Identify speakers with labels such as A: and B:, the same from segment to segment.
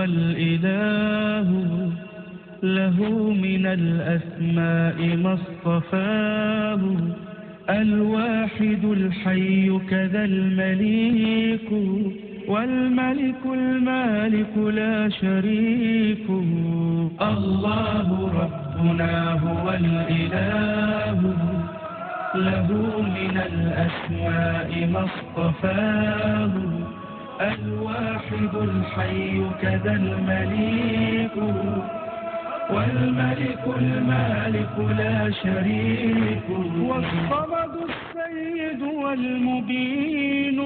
A: هو الإله له من الأسماء ما اصطفاه الواحد الحي كذا المليك والملك المالك لا شريك الله ربنا هو الإله له من الأسماء ما اصطفاه الواحد الحي كذا المليك والملك المالك لا شريك والصمد السيد والمبين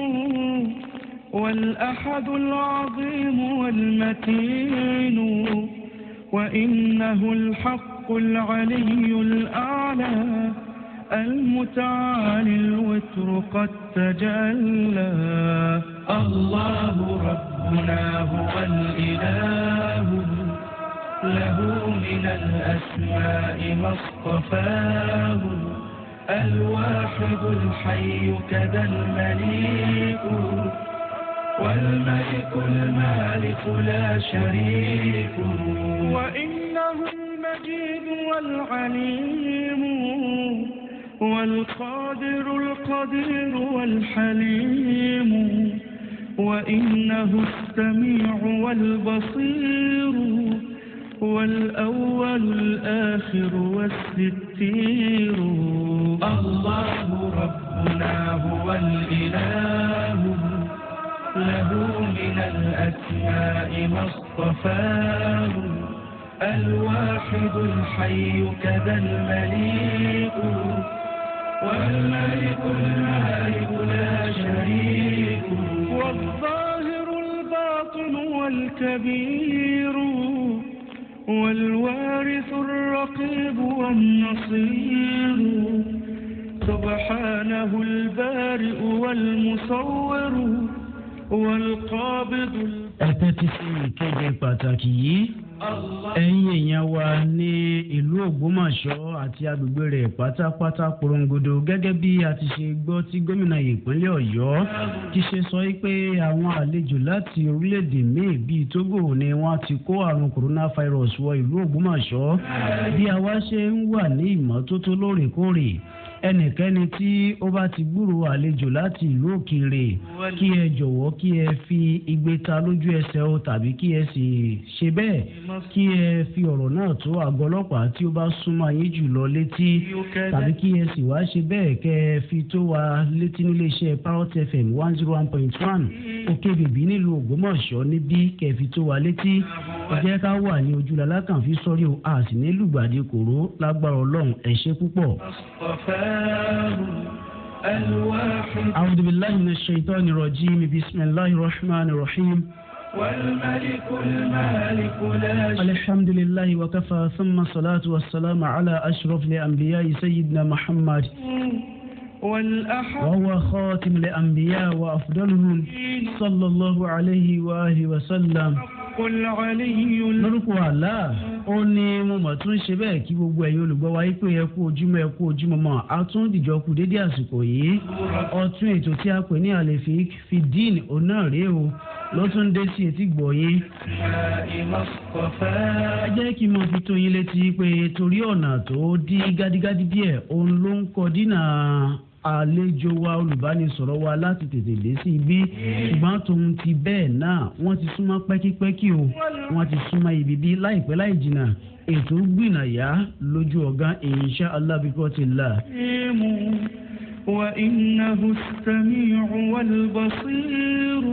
A: والأحد العظيم والمتين وإنه الحق العلي الأعلى المتعالي الوتر قد تجلى الله ربنا هو الإله له من الأسماء ما اصطفاه الواحد الحي كذا المليك والملك المالك لا شريك وإنه المجيد والعليم والقادر القدير والحليم وإنه السميع والبصير والأول الآخر والستير الله ربنا هو الإله له من الأسماء ما اصطفاه الواحد الحي كذا المليك والملك المالك لا شريك والظاهر الباطن والكبير والوارث الرقيب والنصير سبحانه البارئ والمصور والقابض ẹ
B: tẹ́tí sí ìkéde pàtàkì ẹ̀yin èèyàn wa ní ìlú Ògbómọ̀ṣọ́ àti agbègbè rẹ̀ pátápátá porongodo gẹ́gẹ́ bí a ti ṣe gbọ́ tí gómìnà ìpínlẹ̀ Ọ̀yọ́ ti ṣe sọ pé àwọn àlejò láti orílẹ̀-èdè bíi Togo ni wọ́n ti kó àrùn coronavirus wọ ìlú Ògbómọ̀ṣọ́ bí àwa ṣe ń wà ní ìmọ́tótó lóòrèkóòrè ẹnikẹ́ni tí ó bá ti gbúrò àlejò láti ìlú òkèèrè kí ẹ jọ̀wọ́ kí ẹ fi igbe ta lójú ẹsẹ̀ o tàbí kí ẹ sì ṣe bẹ́ẹ̀ kí ẹ fi ọ̀rọ̀ náà tó àgọ́ ọlọ́pàá tí ó bá súnmọ́ ayé jù lọ létí tàbí kí ẹ sì wá ṣe bẹ́ẹ̀ kẹ́ ẹ fi tó wa létí nílé iṣẹ́ parrot fm one zero oh one point one òkè bèbí nílùú ògbómọ̀ṣọ́ níbí kẹ́ ẹ fi tó wa létí ẹ jẹ́ ká wà ní ojú lalákànfí sọ́rí o a sì ní lùgbàdì kòró lágbára ọlọ́run ẹ ṣé púpọ̀.
A: الواحد
B: أعوذ بالله من الشيطان الرجيم بسم الله الرحمن الرحيم والملك المالك لا الحمد لله وكفى ثم الصلاة والسلام على أشرف الأنبياء سيدنا محمد وهو خاتم الأنبياء وأفضلهم صلى الله عليه وآله وسلم lórúkọ àlá ó ní mo mọ̀ tún ṣe bẹ́ẹ̀ kí gbogbo ẹ̀yin olùgbọ́ wa yípe ẹ kú ojúmọ́ ẹ kú ojúmọ́ mọ́ a tún dìjọ́ kú dédé àsìkò yìí ọtún ètò tí a pè ní àlèfín fi dín òun náà o ló tún dé sí etí gbọ̀ yín. ẹ jẹ́ kí n mọ̀ fi tó yín létí pé torí ọ̀nà tó dí gádígádí díẹ̀ òun ló ń kọ dínà àlejò wa olùbánisọ̀rọ̀ wa láti tètè dé sí ibi ṣùgbọ́n tòun ti bẹ́ẹ̀ náà wọ́n ti súnmọ́ pẹ́kípẹ́kí o wọ́n ti súnmọ́ ibi bí láìpẹ́ láì jìnnà ètò gbìnàyà lójú ọ̀gá insha Allah bi qautillah.
A: وإنه السميع والبصير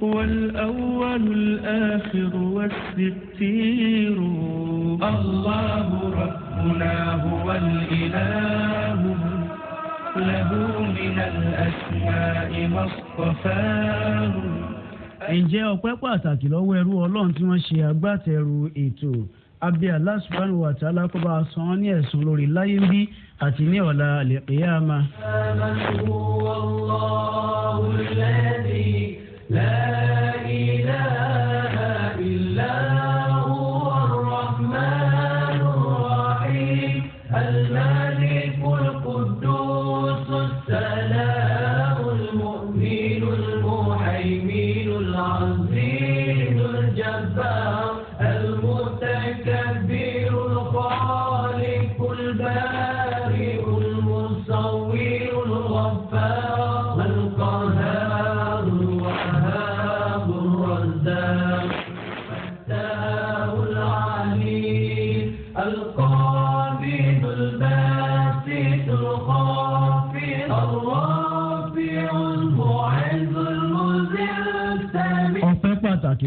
A: والأول الآخر والستير الله ربنا هو الإله له من الأسماء ما اصطفاه ǹjẹ́ ọpẹ́
B: pàtàkì lọ́wọ́ ẹrú ọlọ́run tí wọ́n ṣe agbátẹrù ètò abẹ́ Allah subhanahu wa ta'ala kó bá san án ní ẹ̀sùn lórí láyé ń bí àti ní ọ̀la àlẹ́kìyàmá.
A: Allahu alladhi la ilaha illa.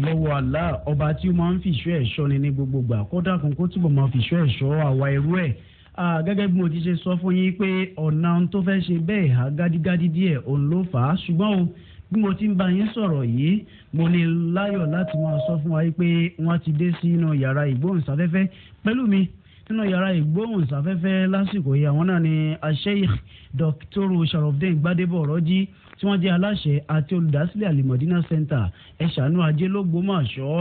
B: àti lọ́wọ́ Allah ọba tí ó máa ń fìṣọ́ ẹ̀ ṣọ́ni ní gbogbogbà kódà kan kó túbọ̀ máa fìṣọ́ ẹ̀ ṣọ́ àwa irú ẹ̀ gẹ́gẹ́ bí mo ti ṣe sọ fún yín pé ọ̀nà tó fẹ́ ṣe bẹ́ẹ̀ ha gádígádí díẹ̀ òun ló fà á ṣùgbọ́n o bí mo ti ń bá yín sọ̀rọ̀ yìí mo ní láyọ̀ láti máa sọ fún wa pé wọ́n ti dé sínú yàrá ìgbóhùnsáfẹ́fẹ́ pẹ̀lú mi nínú yàrá ìgbóhùnsáfẹ́fẹ́ lásìkò yìí àwọn náà ni Sheikh Dr. Sharafdin Gbadebo Ọ̀rọ̀jí tí wọ́n jẹ́ aláṣẹ àti olùdásílẹ̀ alimọ̀dínà center ẹ̀ṣánú ajé lọ́gbọ́mọ̀ṣọ́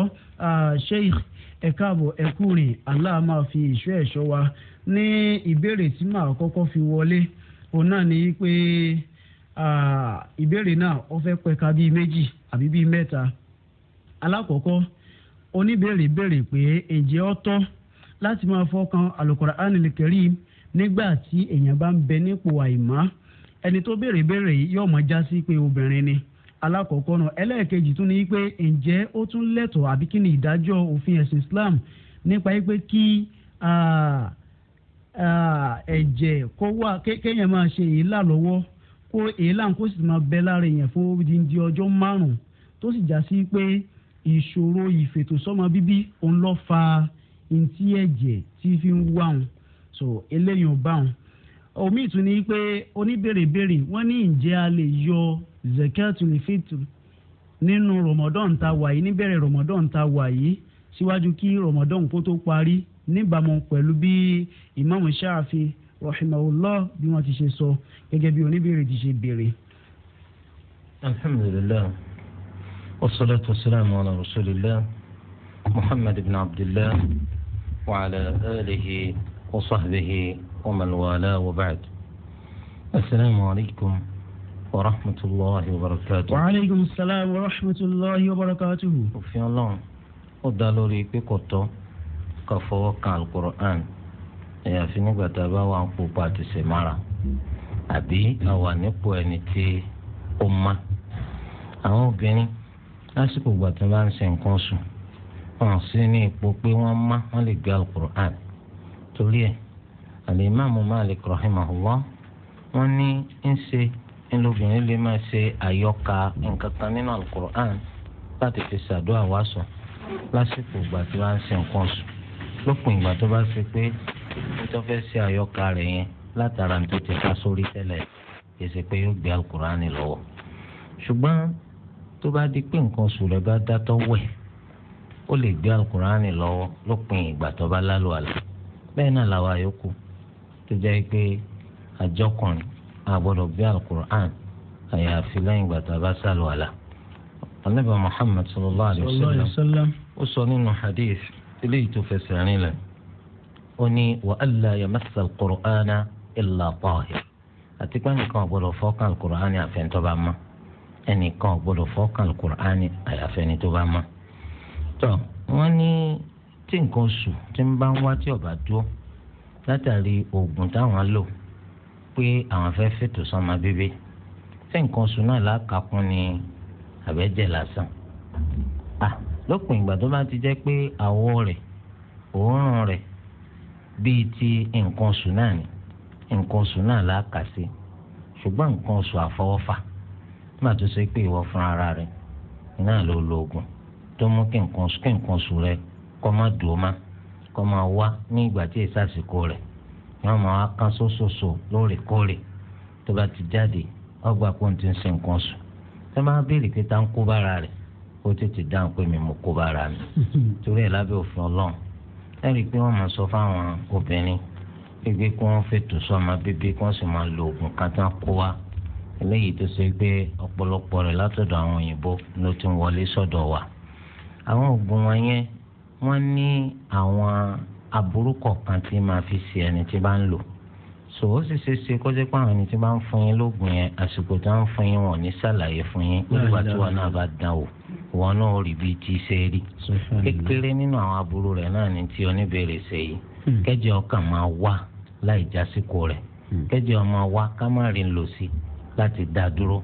B: sheikh ẹ káàbọ̀ ẹ kú rìn Allah máa fi ìṣọ́ ẹ̀ṣọ́ wa ní ìbéèrè tí màá kọ́kọ́ fi wọlé òun náà ni pé ìbéèrè náà ó fẹ́ pẹ̀ka bíi méjì àbí bíi mẹ́ta alákọ̀ọ́kọ́ oníbèrè béèrè pé ǹjẹ́ ó tọ́ láti máa fọkàn Al-Qur'an Al-Karim nígbà tí èèyàn bá ń bẹ nípò àìmọ́ ẹni tó béèrè béèrè yìí yóò mọ já sí pé obìnrin ni alákọ̀ọ́kọ́ náà ẹlẹ́ẹ̀kejì tún ní pé ǹjẹ́ ó tún lẹ́tọ̀ọ́ àbí kí ni ìdájọ́ òfin ẹ̀sìn Islam nípa pé kí ẹ̀jẹ̀ kó wà kéèyàn máa ṣe èélà lọ́wọ́ kó èélà kó sì máa bẹ lára èèyàn fún odindi ọjọ́ márùn-ún tó sì já pé ìṣòro ìfètòsọ́mọ bíbí òun ló fa ntí ẹ̀jẹ̀ tí fi ń wá wọn so eléyìí ò bá wọn omi ìtún ni pé oníbèrèbèrè wọ́n ní ǹjẹ́ a lè yọ zakatul fitr nínú ramadan tá wà yìí níbẹ̀rẹ̀ ramadan tá wà yìí síwájú kí ramadan kó tó parí níbàámu pẹ̀lú bí imam shafi rahimahullah bí wọ́n ti ṣe sọ gẹ́gẹ́ bí oníbèrè ti ṣe
C: béèrè. alhamdulilayi wasalaatu wasalaamu ala rasulillah muhammad ibn abdillah wa ala alihi wa sahbihi. ومن والاه وبعد السلام عليكم ورحمة الله وبركاته وعليكم السلام ورحمة الله وبركاته òfin ọlọ́run ó dá lórí pé kò tọ́ ká fọwọ́ kan alukur'an àyàfi nígbà tá a bá wà ń po pàtó sèmára àbí a wà nípò ẹni tí ó má àwọn obìnrin lásìkò ìgbà tí wọ́n bá ń ṣe nǹkan sùn wọ́n sì ní ipò pé wọ́n má wọ́n lè gbé alukur'an torí ẹ̀ alimami malik rahimahullah wọ́n ní ń ṣe ńlọbìnrin lè máa ṣe àyọkà nǹkan kan nínú alukur'an láti fi ṣàdúrà wá sùn lásìkò ìgbà tí wọ́n á ń ṣe nǹkan sùn lópin ìgbà tó bá ṣe pé nítorí fẹ́ ṣe àyọkà rẹ̀ yẹn látara tó ti ká sórí tẹ́lẹ̀ èsì pé yóò gbé alukur'an lọ́wọ́ ṣùgbọ́n tó bá di pé nǹkan sùn rẹ̀ bá dátọ́ wẹ̀ ó lè gbé alukur'an lọ́wọ́ lópin ìgbà tó bá lálù àlà bẹ́ẹ̀ náà làwọn àyókù tó jẹ́ pé àjọkùnrin àgbọ̀dọ̀ bí alukur'an àyàfi lẹ́yìn ìgbà tá a bá sálọ àlà. anábì muhammad sallallahu alayhi wa sallam ó sọ nínú hadith eléyìí tó fẹsẹ̀ rìn lẹ̀ ó ní wa alla yamassa alukur'ana illa tahir àti pé ẹnìkan àgbọ̀dọ̀ fọ́ọ̀kan alukur'ani àfẹ́ntọ́ bá mọ́ ẹnìkan àgbọ̀dọ̀ fọ́ọ̀kan alukur'ani àyàfẹ́ni tó bá mọ́. tọ́ wọ́n ní tí nǹkan oṣù tí ń bá ń wá tí ọ̀bà dúró látàrí oògùn táwọn lò pé àwọn fẹ́ fètò sọ́mọ bíbí ṣé nǹkan oṣù náà lákàkún ni àbẹ́jẹ́ lásán. lópin ìgbà tó bá ti jẹ́ pé àwọ̀ rẹ̀ òórùn rẹ̀ bíi ti nǹkan oṣù náà ni nǹkan oṣù náà lákàsí ṣùgbọ́n nǹkan oṣù àfọwọ́fà nígbà tó ṣe pé ìwọ fún ara rẹ̀ náà ló lo oògùn tó mú kí nǹkan oṣù rẹ̀ kọ́ má dùn ó má kọ́ máa wá ní ìgbà tí èsì àsìkò rẹ̀ yọ́n máa wá kán sóṣooṣo lóòrèkóòrè tó bá ti jáde ọgbà kó n ti ń ṣe nǹkan sùn tó máa béèrè pé tá ń kó bára rẹ̀ ó tètè dáhùn pé mi mo kó bára mi torí ẹ̀ lábẹ́ òfin ọlọ́run ẹ̀rí pé wọ́n máa sọ fáwọn obìnrin gbígbé kí wọ́n fètò sọ́mọ bíbí kí wọ́n sì máa lo oògùn kan tó ń kó wa eléyìí tó ṣe pé ọ̀pọ̀lọpọ̀ rẹ̀ látọ̀dọ̀ àwọn òyìnbó ló ti wọlé sọ́dọ̀ wa àwọn oògùn wọn yẹn wọ́n ní àwọn aburú kọ̀ọ̀kan tí màá fi ṣe ẹni tí bá ń lò so ó sì ṣe ṣe kó jẹ́ pé àwọn ẹni tí bá ń fún yín lóògùn yẹn àsìkò tí wọ́n ń fún yín wọ́n ní ṣàlàyé fún yín nígbà tí wọn náà bá dán o wọn náà rí bíi ti ṣe rí kékeré nínú àwọn aburú rẹ̀ náà ni tí oníbèrè ṣe yìí hmm. kẹjọ ọkàn máa wá láì jásíkò rẹ̀ hmm. kẹjọ máa wá ká má rí lò sí láti dá dúró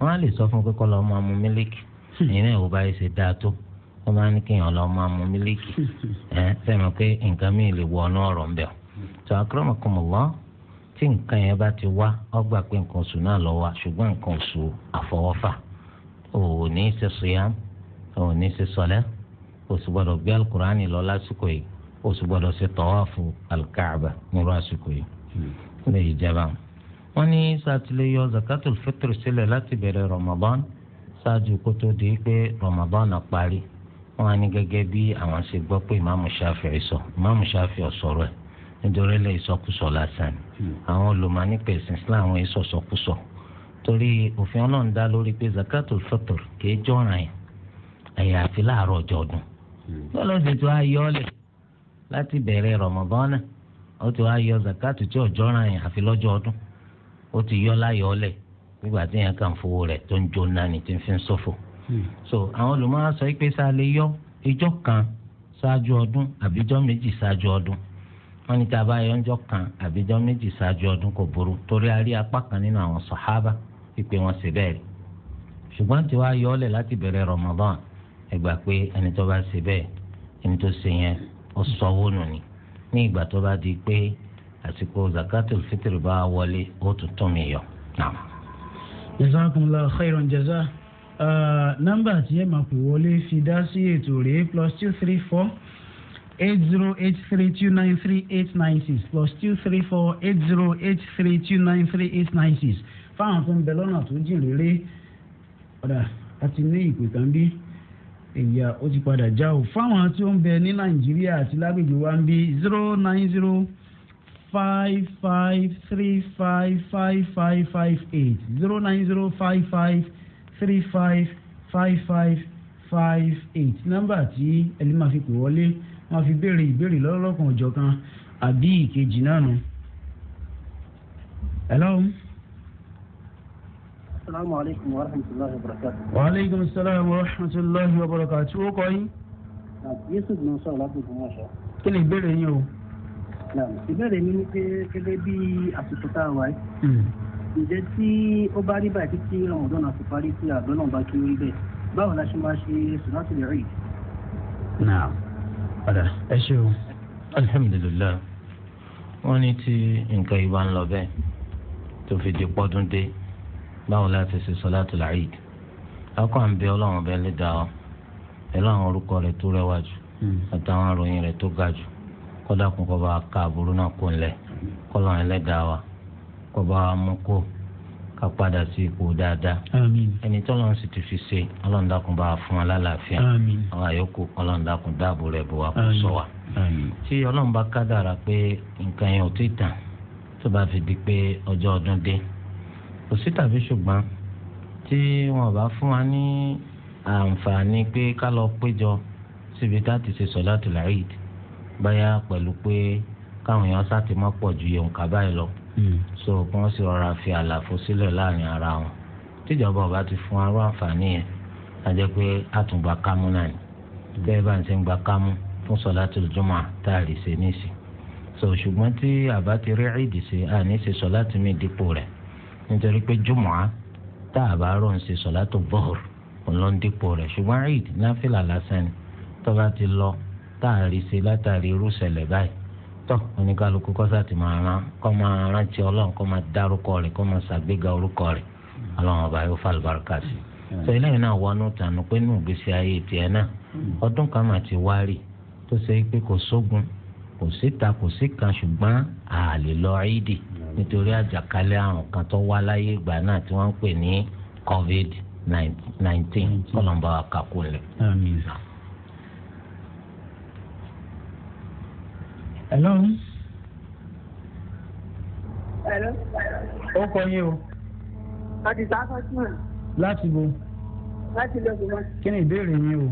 C: wọn á lè sọ fún pé kó lọ mu mílíkì ìyẹn hmm. ò bá ṣe dáa tó wọ́n bá ní kéèyàn lọ máa mu mílíkì ẹ̀ sẹ́mi pé nǹkan mìíràn lè wọ ọ̀nà ọ̀rọ̀ ńbẹ̀ tó akramakumullah tí nǹkan yẹn bá ti wá wọ́n gbà pé nǹkan oṣù náà lọ wá ṣùgbọ́n nǹkan oṣù àfọwọ́fà òun ní í ṣe siyam òun ní í ṣe sọlẹ́ oṣù gbọ́dọ̀ gbé alukurani lọ lásìkò yìí oṣù gbọ́dọ̀ ṣe tọ́wáfù alikaaba nírú àsìkò yìí hmm. lè jẹba. wọ́n ní wọn á ní gẹ́gẹ́ bí àwọn ṣe gbọ́ pé ìmáàmù Ṣáfi'í sọ ìmáàmù Ṣáfi'í ọ̀sọ̀rọ̀ ẹ̀ nítorí lè sọkúsọ lásán hmm. àwọn olùmọ̀ nípa ẹ̀sìn Islam wọn sọ sọkúsọ torí òfin Ọlọ́run dá lórí pé zakatul fitr kìí jọ̀ràn yẹn àyàfi láàárọ̀ ọjọ́ ọdún lọ́lọ́dẹ tó ayọ́lẹ̀ láti bẹ̀rẹ̀ Rọ̀mọ̀dọ̀nà ó ti wá yọ zakatul tí ọ̀jọ̀ràn yẹn àfi lọ́jọ́ ọdún ó ti yọ láyọ̀ọ́lẹ̀ nígbà tí yẹn kàn fowó rẹ̀ tó ń jóná ni tí ń fi ń ṣòfò. Hmm. so àwọn olùmọ̀ọ́ sọ pé sá lè yọ ìjọ kan ṣáájú ọdún àbíjọ méjì ṣáájú ọdún wọn ní tí a bá yọ ọjọ́ kan àbíjọ méjì ṣáájú ọdún kò burú torí a rí apá kan nínú àwọn sàhábà pípé wọn ṣe bẹ́ẹ̀ rí ṣùgbọ́n tí wàá yọ ọ́ lẹ̀ láti bẹ̀rẹ̀ Ramadan ẹ gbà pé ẹni tó bá ṣe bẹ́ẹ̀ ẹni tó ṣe yẹn ó sọwọ́ àsìkò zakatul fitr bá wọlé ó tún mi yọ.
B: jazakumullahu khairan jazaa nọ́mbà tí ẹ máa pè wọlé fi dá sí ètò rèé plus two three four eight zero eight three two nine three eight nine six plus two three four eight zero eight three two nine three eight nine six fáwọn tó ń bẹ lọ́nà tó jìn réré padà àti ní ìpè kan bí ìyá ó ti padà já o fáwọn tó ń bẹ ní nàìjíríà àti lágbègbè wa ń bí zero nine zero five five three five five five five eight zero nine zero five five three five five five five eight nọ́mbà tí ẹni máa fi pè wọlé máa fi béèrè ìbéèrè lọ́lọ́kan ọ̀jọ̀kan àbí ìkejì náà nù. hello. salaamu aleykum wa rahmatulahi wa barakatu. wa aleykum salaam wa rahmatulahi wa barakatu. o kọ́ yín. yéésù ló ń sọ̀rọ̀ láti ìgbìmọ̀ ọ̀ṣọ́. kí ni ìbéèrè yín o. ìbéèrè mi ni pé gẹ́gẹ́ bí àsìkò tá a wáyé ǹjẹ́ tí ó bá rí báyìí títí ramadan àti parí tí àgbẹ̀ náà bá kí ó rí bẹ́ẹ̀ báwo la ṣe máa ṣe sùnátì lè rí i.
D: náà padà ẹ ṣe o alhamdulilayi
C: wọn ní tí nǹkan yìí bá ń lọ bẹ́ẹ̀ tó fi di pọ́dún dé báwo la ti ṣe sọ́látù làáyíd akọ à ń bẹ ọlọ́run ọbẹ̀ lè dá ọ pẹ̀lú àwọn orúkọ rẹ̀ tó rẹwà jù hmm. àtàwọn àròyìn rẹ̀ tó ga jù kọ́dà kún kọ́ bá náà kó ńlẹ̀ kọ́lọ́run ẹlẹ́dàá wa kọba amúkó ká padà sí ipò dáadáa ẹni tí ọlọ́run sì ti fi ṣe ọlọ́run dákun bá fún wa lálàáfíà àwọn àyọkù ọlọ́run dákun dáàbò rẹ̀ bó wa kó sọ wa tí ọlọ́run bá kádàrà pé nǹkan yẹn ò tí ì tàn tó bá fi di pé ọjọ́ ọdún dé kò sí tàbí ṣùgbọ́n tí wọn bá fún wa ní àǹfààní pé ká lọ péjọ síbi tá a ti ṣe sọ̀látùl Eid báyà pẹ̀lú pé káwọn èèyàn sá ti mọ́ pọ̀ ju yòǹkà báyìí lọ Hmm. so kí wọ́n sì rọra fi àlàfo sílẹ̀ láàrin ara wọn tíjọba ọba ti fún arú àǹfààní yẹn àjẹ́ pé àtúngbà kámú náà ni bẹ́ẹ̀ bá ń ṣe ń gba kámú fún sọ̀látùl jùmọ̀ tá a lè ṣe níìsì so ṣùgbọ́n tí àbá ti rí ìdì ṣe àní ṣe sọ̀látù mi dípò rẹ̀ nítorí pé jùmọ̀ tá a bá rò ń ṣe sọ̀látù bọ́ọ̀r òun dípò rẹ̀ ṣùgbọ́n ìdì náfìlà lásán ni tọ́ba ti lọ tá a ṣe látàrí irú ṣẹlẹ̀ báyìí tọ́ oníkàlùkù kọ́sà ti máa rán kọ́ máa rántí ọlọ́run kọ́ máa dárúkọ rẹ̀ kọ́ máa ṣàgbéga orúkọ rẹ̀ ọlọ́run ọba yóò fàlùbáràkà sí i sọ eléyìí náà wọnú tànú pé nù gbèsè ayé tiẹ̀ náà hmm. ọdún kan máa ti wá rí tó ṣe pé kò sógun kò síta kò sí kan ṣùgbọ́n àlè lọ ìdì nítorí àjàkálẹ̀ àrùn kan tó wá láyé ìgbà náà tí wọ́n ń pè ní covid nineteen kọ́lọ́mbà kàkúnlẹ̀. àmín.
A: hello. hello. ó kọ yín o. láti sá fatima. láti bo. láti lọ sí wọn.
B: kí ni ìbéèrè yín o.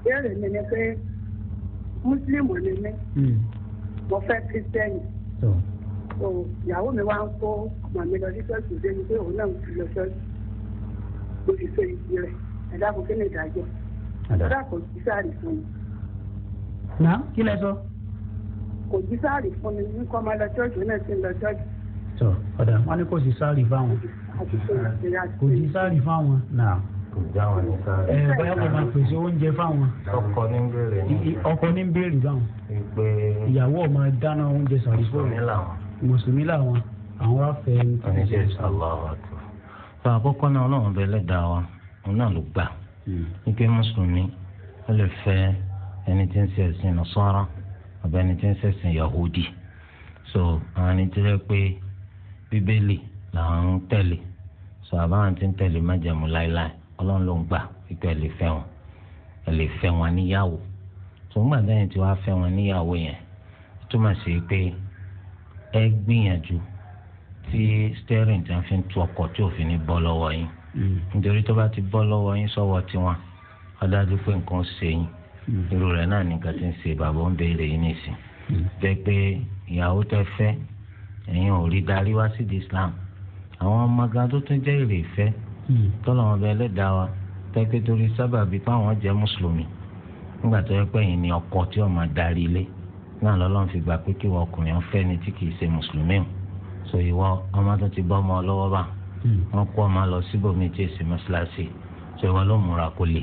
B: ìbéèrè mi ni pé mùsùlùmù ni mí. Hmm. mo fẹ́ kírísítẹ́nì. so ìyàwó mi wá ń kó ọmọ mi lọ sí ṣọ́ọ̀ṣì débi pé òun náà ti lọ ṣọ́ọ̀ṣì. mo sì ṣe ìdí rẹ̀ ẹ̀dá kò kí ni ìdájọ́. ẹ̀dá kò sí sáà nìkan. nà kí lẹ sọ. So? kò jí sáàrì fún mi wípé ọmọ lọ ṣọ́ọ̀ṣì náà ti ń lọ ṣọ́ọ̀ṣì. sọ ọ̀dà wọn ni kò sí sáàrì fáwọn kò jí sáàrì fáwọn náà kò já wọn ní sáàrì. ẹ báyọ̀ kò máa pèsè oúnjẹ fáwọn.
A: ọkọ ní béèrè ní.
B: ọkọ ní béèrè báwọn. ìpè ìyàwó máa dáná oúnjẹ
D: sàrí fún
C: mùsùlùmí làwọn
D: àwọn afẹ́ ní tìǹbù.
C: fún àkọ́kọ́ náà ọlọ́run bẹ́ẹ̀ lẹ́dàá wa òun náà ló gbà hmm. wípé mùsùlùmí ó lè fẹ́ ẹni tí ń ṣe ẹ̀sìn Nasara abẹni tí ń ṣẹ̀sìn yahudi so àwọn ẹni tí rẹ pé bíbélì làwọn ń tẹ̀lé so àbáwọn tí ń tẹ̀lé májẹ̀mú láéláé ọlọ́run ló ń gbà pípẹ́ ẹ lè fẹ́ wọn ẹ lè fẹ́ wọn níyàwó tó ń gbà lẹ́yìn tí wàá fẹ́ wọn níyàwó yẹn túmọ̀ sí pé ẹ gbìyànjú tí steering tí wọ́n fi ń tu ọkọ̀ tí òfin ní bọ́ lọ́wọ́ yín hmm. nítorí tó bá ti bọ́ lọ́wọ́ yín sọ́wọ́ tiwọn ọ̀dájú pé nǹkan ṣe yín irú rẹ̀ náà nìkan ti ń ṣe bàbá ń béèrè yìí nìsín hmm. jẹ́ pé ìyàwó tẹ́ fẹ́ ẹ̀yin ò rí darí wá sí Islam àwọn ọmọ gan tó tún jẹ́ èrè ìfẹ́ hmm. tọ́lọ̀ wọn bẹ lẹ́dàá wa tẹ́ pé torí sábà bíi páwọn jẹ́ mùsùlùmí nígbà tó yẹ pé ẹ̀yin ni ọkọ tí ọmọ darí ilé náà lọ́lọ́run fi gbà pé kí wọ́n ọkùnrin ọ̀fẹ́ ni tí kìí ṣe mùsùlùmí o so ìwọ ọmọ tó ti bọ́ ọmọ lọ́wọ́ bá hmm. wọn kó ọmọ lọ síbòmí tí èsì mọ́ṣáláṣí so ìwọ ló múra kó lè.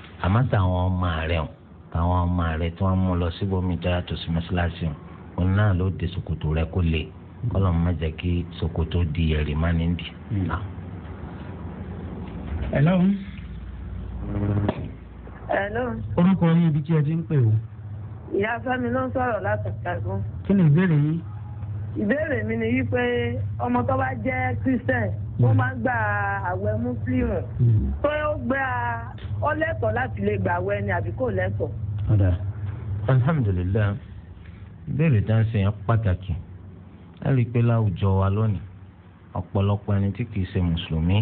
C: àmọ́ táwọn ọmọ rẹ̀ o táwọn ọmọ rẹ̀ tí wọ́n mú lọ síbòmí tó yàtọ̀ sí mọ́ṣáláṣí o òun náà ló de ṣòkòtò rẹ̀ kó le kọ́lọ̀ má jẹ́ kí ṣòkòtò di ẹ̀rí má ní di. Hmm. hello.
A: hello.
B: orúkọ yín ibi tí ẹ ti ń pè o.
A: ìyá fẹ́mi ló ń sọ̀rọ̀ látàkàgún.
B: kí ni ìbéèrè yín.
A: ìbéèrè mi ni wípé ọmọ tó bá jẹ́ christian ó hmm. máa ń gba àwẹ̀ mùsùlùmù tó hmm. ó gba ó lẹ́tọ̀ọ́ láti lè gba àwẹ̀ ni àbí
C: kò lẹ́tọ̀ọ́. ọ̀dà alhamdulilayi ìbéèrè tá à ń ṣe yẹn pàtàkì ẹ i pé láwùjọ wa lónìí ọ̀pọ̀lọpọ̀ ẹni tí kìí ṣe mùsùlùmí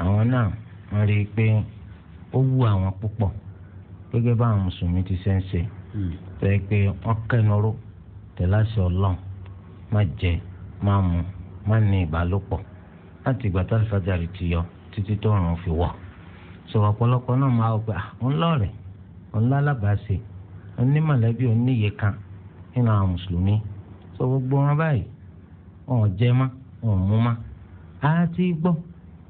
C: àwọn náà wọ́n rí i pé ó wù àwọn púpọ̀ gẹ́gẹ́ bá àwọn mùsùlùmí ti ṣe ń ṣe hmm. tó yẹ pé wọ́n kẹ́nuró tẹ̀láṣẹ ọlọ́run má jẹ má mu má ní ìbálòpọ̀ láti ìgbà tó alifájàre ti yọ títí tó ràn fi wọ̀ sọ ọ̀pọ̀lọpọ̀ náà máa wọ pé ah, òun lọ́ọ̀rẹ́ òun lálábàáṣe òun ní mọ̀lẹ́bí òun níye kan nínú àwọn mùsùlùmí sọ gbogbo wọn báyìí wọn ò jẹ mọ́ wọn ò mú mọ́ á ti gbọ́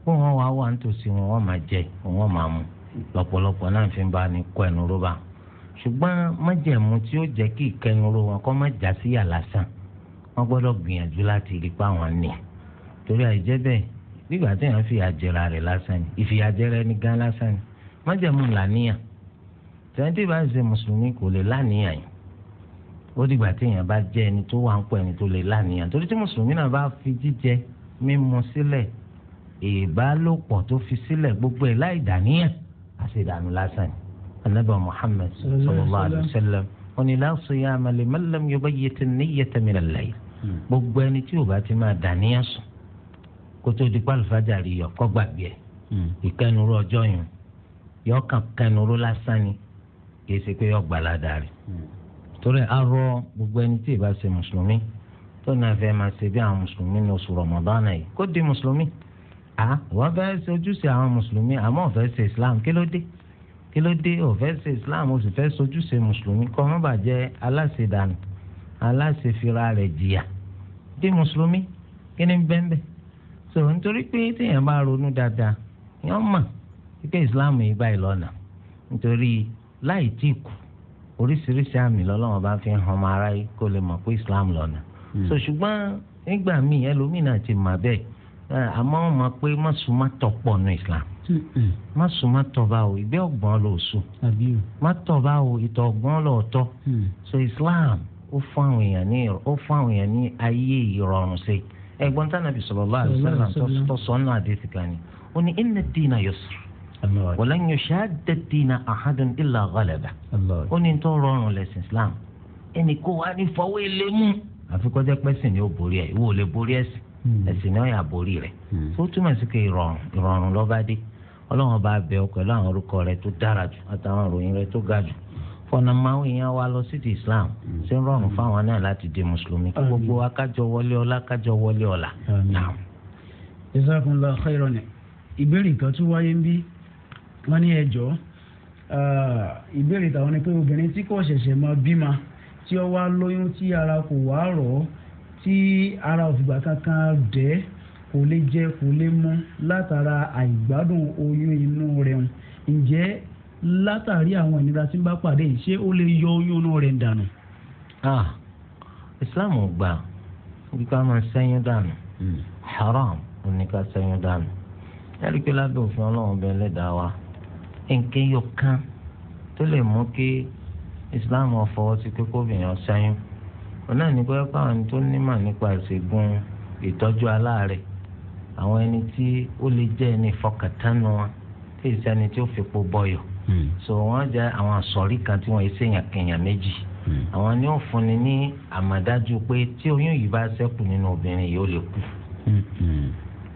C: kó wọn wá wà nítòsí wọn wọn máa jẹ wọn máa mú lọ́pọ̀lọpọ̀ náà fi ń bá ní kó ẹnu rọ́bà ṣùgbọ́n májẹ̀mú tí ó jẹ́ kí ìkẹyìn wọn kó má já sí yà wọ́n gbọ́dọ̀ gbìyànjú láti rí pa wọn nìyẹn torí àìjẹ́ bẹ́ẹ̀ nígbà tí èèyàn fi àjẹrà rẹ̀ lásán ni ìfìyàjẹrà ẹni gan lásán ni májẹ̀mú làníyàn tẹ̀ǹtì bá ń ṣe mùsùlùmí kò lè láníyàn yìí ó dìgbà tí èèyàn bá jẹ́ ẹni tó wà ń pọ̀ ẹni tó lè láníyàn torí tí mùsùlùmí náà bá fi jíjẹ mímu sílẹ̀ ìbálòpọ̀ tó fi sílẹ̀ gbogbo ẹ̀ láì dàníyàn àṣedànù lásán anabi muhammed sallallahu alayhi wa sallam oní la kótó di pálífàjà rí yọ kọ́ gbàgbé ẹ̀ hmm. ìkẹnuró ọjọ́ yìí yọ kàn kẹnuró lásán ni kì í ṣe pé yọ gbàládà rẹ̀ hmm. torí arọ gbogbo ẹni tí ì bá ṣe mùsùlùmí tó náà fẹ́ máa ṣe bí àwọn mùsùlùmí ní oṣù rọmọdánà yìí kó di mùsùlùmí à wọ́n fẹ́ ṣe ojúṣe àwọn mùsùlùmí àmọ́ ò fẹ́ ṣe islam kí ló dé kí ló dé ò fẹ́ ṣe islam o sì fẹ́ ṣojúṣe mùsùlùmí kọ́ ọ́n bà jẹ́ aláṣẹ̀dànù aláṣẹ̀fira rẹ̀ jìyà di mùsùlùmí kí ni bẹ́ẹ̀ bẹ́ẹ̀ so nítorí pé téèyàn bá ronú dáadáa yẹn mọ̀ pípé islam yìí báyìí lọ́nà nítorí láì tí kù oríṣiríṣi àmì lọ́lọ́wọ́n bá fi hàn ọmọ ara kó lè mọ̀ pé islam lọ́nà hmm. so ṣùgbọ́n nígbà míì ẹlòmínà ti mà bẹ́ẹ̀ àmọ́ wọn mọ̀ pé mọ̀sùnmá pọ̀ nù islam mọ̀sùnmá hmm. tọ̀ bá o ìgbẹ́ ọ̀gbọ́n lò sùn má bá o ìtọ̀ ọ̀gbọ́n lò tọ̀ hmm. so islam ó fún àwọn èèyàn ní ayé ìrọ̀rùn sí i ẹ̀gbọ́n tánàbí sallallahu alaihi wasallam tó sọ ọ́nà àdéhùn kan ni ó ní inna ad-dina yusr walan yushadda ad-dina ahadun illa ghalaba ó ní tó rọrùn lẹ́sìn islam ẹnì kó wa ní fọwọ́ ilé mú àfikọ́jẹ́ pẹ́sìn ni ó borí ẹ̀ ìwọ ò lè borí ẹ̀sìn ẹ̀sìn náà yà borí rẹ̀ tó túmọ̀ sí pé ìrọ̀rùn ìrọ̀rùn lọ́ba dé ọlọ́run bá bẹ̀ ọ́ pẹ̀lú àwọn orúkọ rẹ̀ tó dára jù àtàwọn ìròyìn rẹ̀ tó ga jù fọnàmáwò èèyàn wa lọ sídìí islam mm. ṣé ń rọrùn fáwọn náà láti di mùsùlùmí kí gbogbo wa kájọ wọlé ọlá kájọ wọlé ọlá.
B: jazakumullahu khairan ni ìbéèrè kan tún wáyé ń bí wọ́n ní ẹjọ́ ìbéèrè tàwọn ni pé obìnrin tí kò ṣẹ̀ṣẹ̀ máa bímọ tí ó wá lóyún tí ara kò wá rọ̀ tí ara òfìgbà kankan dẹ̀ kò lè jẹ kò lè mu látara àìgbádùn oyún inú rẹ̀ ǹjẹ́ látàrí àwọn
C: ìnira tí ń bá pàdé yìí ṣé ó lè yọ oyún inú rẹ̀ dànù. Ah, islam ò gbà bí ká máa ṣẹ́yún dànù hmm. haram ò ní ká ṣẹ́yún dànù ẹ̀rí pé lábẹ́ òfin ọlọ́run bẹ lẹ́dàá wa nǹkan yọ kán tó lè mú kí islam ọ̀fọwọ́ sí pé kóbìnrin ọ̀ṣẹ́yún òun náà ní pẹ́ pàwọn tó nímọ̀ nípa ìṣègùn ìtọ́jú aláàárẹ̀ àwọn ẹni tí ó lè jẹ́ ẹni fọkàtánu wọn tí ìṣẹ́ni tí ó fipò bọyọ̀ Hmm. so wọ́n jẹ́ àwọn àsọ̀rí kan tí wọ́n yẹ sẹ́yìn kẹyàn méjì hmm. àwọn ni ó fúnni ní àmàdájú pé tí oyún yìí bá ṣẹ́kù nínú obìnrin yìí ó lè kú hmm.